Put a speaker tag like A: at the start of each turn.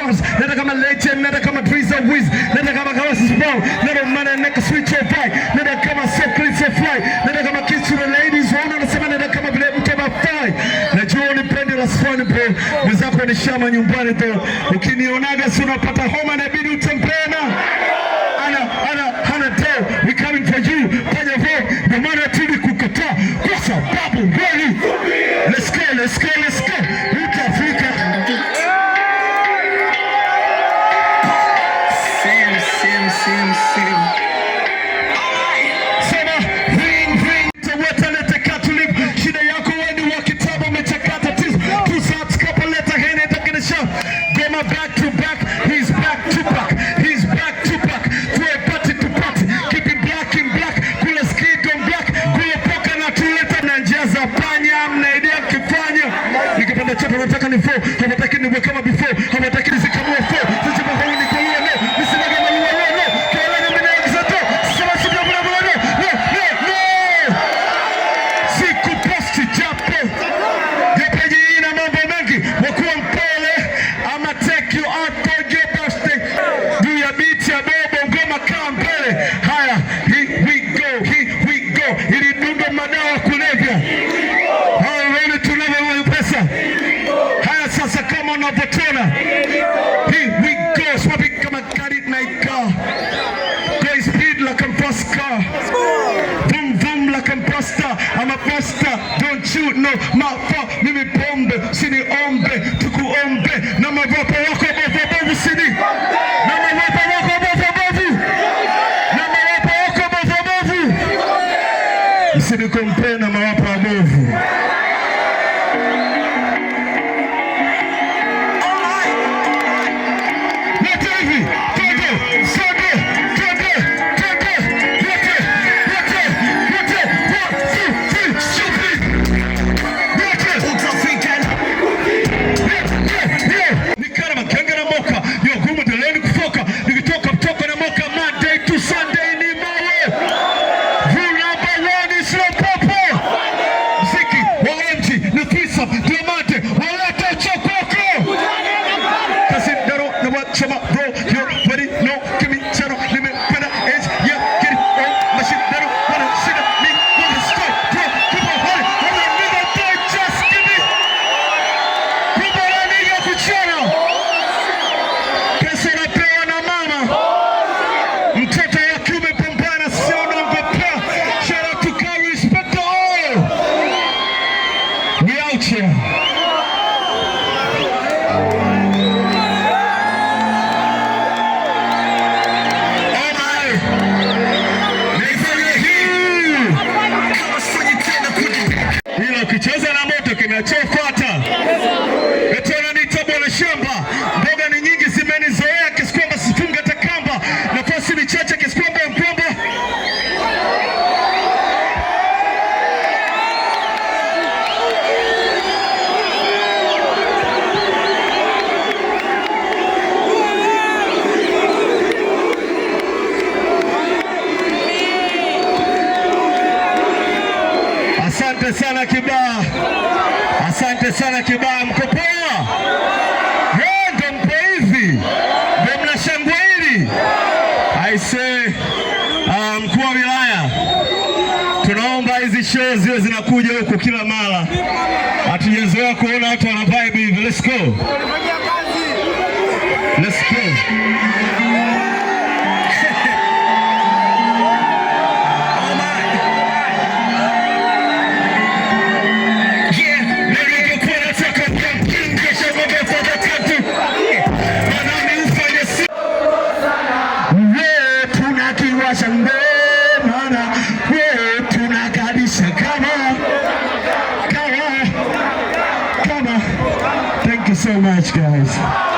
A: Sports, nenda kama Legend, nenda kama Trees of Wiz, nenda kama Kawasi Sport, nenda maana neck switch of fly, nenda kama Secret of fly, nenda kama Kiss to the Ladies, wana nasema nenda kama vile Mtema fly. Najua unipende la Swan bro, mwenzako ni shama nyumbani tu. Ukinionaga si unapata homa na bidi utempena. Ana ana hana tell, we coming for you. Fanya vile, ndio maana tuli kukataa kwa sababu mbele. Let's go, let's go, let's go. ni 4 hawatakini niwe kama before, hawatakini zikamua 4 Pastor, don't you know? Mapa mimi pombe siniombe, tukuombe na mavapo wako mavabavu sini na mavapo wako mavabavu na mavapo wako mavabavu msinikompena kinachofuata Veterani Tabu ana shamba, mboga ni nyingi, zimenizoea kiasi kwamba sifunga takamba na fosi ni chache kiasi kwamba Asante sana. Asante sana kibaa mko poa? Ndo mpo hivi, ndo mnashangwa hili aisee. Uh, mkuu wa wilaya, tunaomba hizi show ziwe zinakuja huku kila mara, hatujazoea kuona watu wana vibe hivi. Let's go, let's go. so much, guys.